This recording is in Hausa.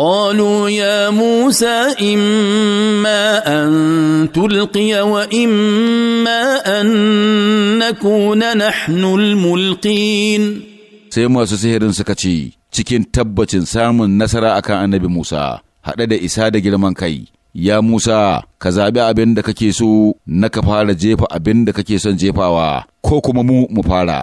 قالوا يا موسى اما ان تلقي واما ان نكون نحن الملقين sai masu sihirin suka ce cikin tabbacin samun nasara akan annabi Musa haɗe da isa da girman kai ya Musa ka zaɓi abin da kake so na ka fara jefa abin da kake son jefawa ko kuma mu mu fara